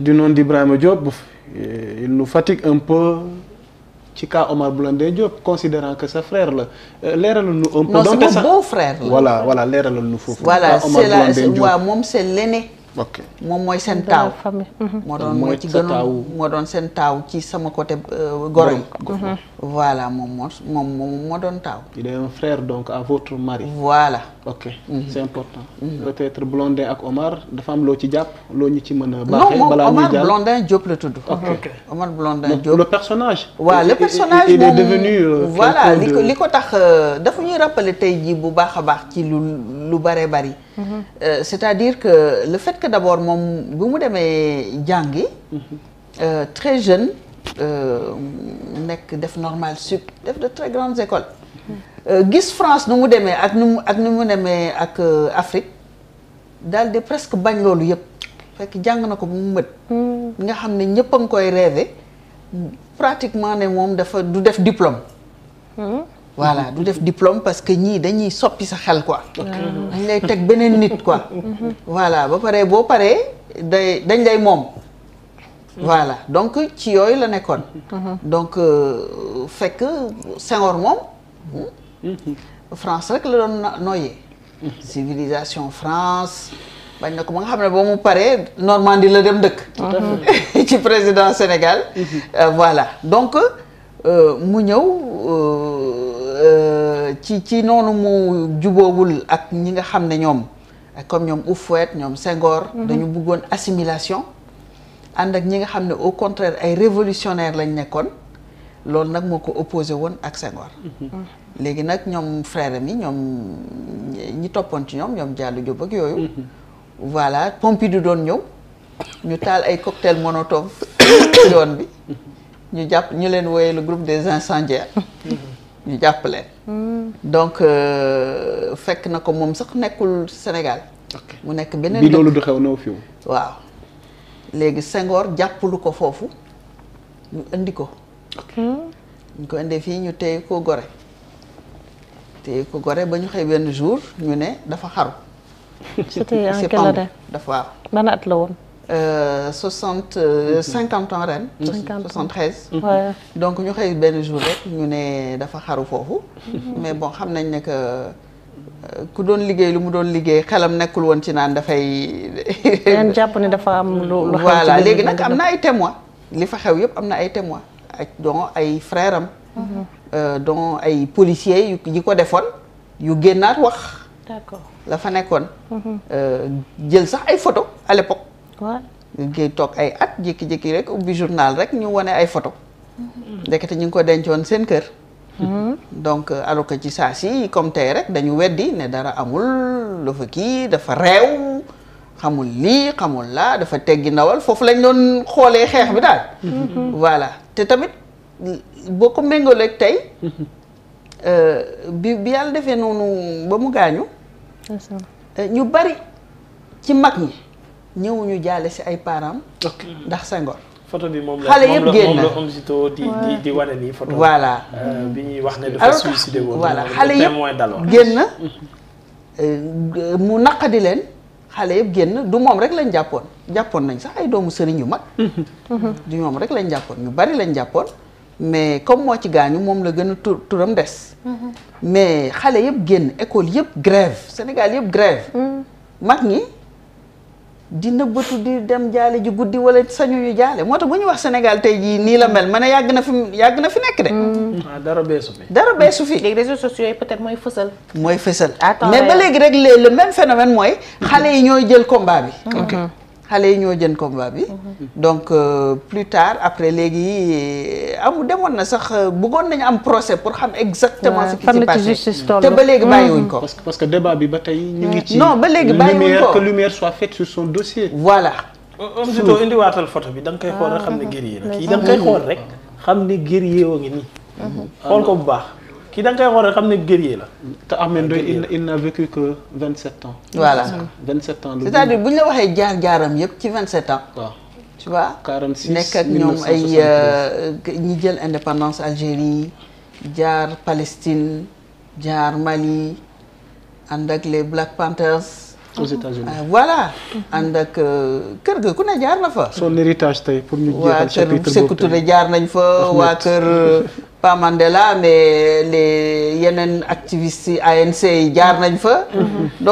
du nom d'Ibrahima Diop euh, il nous fatigue un peu ci cas Omar Blondin Diop considérant que sa frère la euh, leeralal nu un peu. non c'est mon beau-frère la voilà voilà leeralal nu foofu. moom c'est l'aîné ok moom mooy seen mhm. taaw. moo doon mooy doon seen taaw ci sama côté euh, goro yi. Mhm. voilà moom moo moom moo doon taaw. il est un frère donc à votre mari. voilà. ok mhm. c'est important. Mhm. peut-être Blondin ak Omar dafa am loo ci jàpp loo ñu ci mën a. baaxee balaa ñuy jàpp non Omar Blondin Diop la tudd. ok Omar Blondin Diop le personnage. waaw le personnage moom euh, voilà li ko li ko tax euh, dafa ñuy rappeler tey jii bu baax a baax ci lu lu bare bari. Mhm. Euh, c'est-à-dire que le fait que d'abord moom bu mu demee jàngi. très jeune nekk def normal sup def de très grandes écoles. Euh, gis France nu mu demee ak nu mu ak nu mu demee ak euh, Afrique daal di presque bañ loolu yëpp fekk jàng na ko bu mu mët. Hmm. nga xam ne ñëpp a ngi koy rêvé pratiquement ne moom dafa du def diplôme. Hmm. voilà du def diplôme parce que ñii dañuy soppi sa xel quoi. Ah. dañ lay teg beneen nit quoi. Hmm. voilà ba pare boo paree day dañ lay moom. voilà donc ci yooyu la nekkoon. donc euh, fekk Senghor moom. Hmm? France rek la doon noyyee. civilisation France bañ na ko ba nga xam ne boo mu paree Normandie la dem dëkk. ci président Sénégal. Hmm. Euh, voilà donc euh, mu ñëw euh, ci ci noonu mu juboowul ak ñi nga xam ne ñoom comme ñoom Houphouët ñoom Senghor. Hmm. dañu buggoon assimilation ànd ak ñi nga xam ne au contraire ay révolutionnaire lañ nekkoon. loolu nag moo ko opposé woon ak Senghor. Mhm. léegi nag ñoom frère mi ñoom ñi toppoon ci ñoom ñoom Diallo Diop ak yooyu. Mhm. voilà du doon ñëw ñu taal ay cocktail Molotov yoon bi mhm. ñu jàpp ñu leen woyee le groupe des incendiaires ñu jàpp leen. Mm. donc euh, fekk na ko moom sax nekkul Sénégal. mu nekk beneen bi loolu du xew na fi waaw léegi Senghor jàppalu ko foofu ñu indi ko. ñu ko fii ñu téye ko gore téye ko gore ba ñu xëy benn jour ñu ne dafa xaru. c'était en quelle année dafa waaw. ban at la woon. Euh, soixante euh, mhm. cinquante donc ñu xëy benn jour rek ñu ne dafa xaru foofu. Mhm. mais bon xam nañ ne que euh, ku doon liggéey lu mu doon liggéey xelam nekkul woon ci naan dafay. leen jàpp ne dafa am lu. lu xew voilà léegi nag am na ay témoins li fa xew yëpp am na ay témoins. donc ay frère am euh, dont ay policiers yu yi ko defoon yu génnaat wax d'accord la fa nekkoon mhm. euh, jël sax ay photo à l'époque ngay toog ay at jékki-jékki rek ubbi journal rek ñu wone ay photo mhm. ndekete ñu ngi ko dencoon seen kër mhm. donc euh, alors ci saa si comme tey rek dañu weddi ne dara amul dafa kii dafa réew xamul lii xamul laa dafa teggi ndawal foofu lañ doon xoolee xeex bi daal voilà te tamit boo ko méngaleeg tey euh, bi bi yàlla defee noonu ba mu gaañu euh, ñu bari ci mag ñi ñëwuñu jaale si ay parents ndax Senghor photo bi moom la xale yëpp génn moom la moom la di di euh, ne dafa suicidé woon. voilà xale yëpp génn mu naqadi leen. xale yëpp génn du moom rek lañ jàppoon jàppoon nañ sax ay doomu sëriñ yu mag du moom rek lañ jàppoon ñu bari lañ jàppoon mais comme moo ci gaa gaañu moom la gën a tur turam des mhm. mais xale yëpp génn école yëpp grève Sénégal yëpp grève mhm. mag ñi di nëbbatu di dem jaale ji guddi wala sañuñu jaale moo tax bu ñu wax Sénégal tey jii nii la mel ma ne yàgg na fi yàgg na fi nekk de. Mm. Ah, dara beesu fi. dara beesu fi. léegi réseaux peut-être mooy fësal. mooy fësal. mais ba léegi rek le même phénomène mooy. xale yi ñooy jël combat bi. Mm-hmm. xale yi ñoo jën combat bi. donc euh, plus tard après léegi euh, am demoon na sax euh, bëggoon nañu am procès pour xam exactement. ce qui s'est passé te ba léegi mm-hmm. bàyyiwuñ ko. parce que parce que débat bi ba tey. ñu ngi ci non ba léegi bàyyiwuñ ko que lumière soit faite sur son dossier. voilà. surtout surtout photo bi danga nga koy xool rek ah, xam ne guerrier la kii da nga koy xool rek xam ne guerrier woo ngi nii. Mm-hmm. xool ko bu baax. kii da nga koy xool xam ne guerrier la. te Ahmed Ndoye il n'a vécu que 27 ans. voilà 27 ans. c'est-à-dire bu ñu la waxee jaar jaaram yëpp ci 27 ans. waaw tu vois. 46 nekk ak ñoom ay euh, ñi jël indépendance Algérie jaar Palestine jaar Mali ànd ak les Black Panthers. aux États-Unis euh, voilà. ànd ak euh, kër ga ku ne jaar na fa. son héritage tey pour ñu jeexal jaar nañ fa waa kër pas Mandela mais les yeneen activistes yi ANC yi jaar nañ fa. Mm-hmm.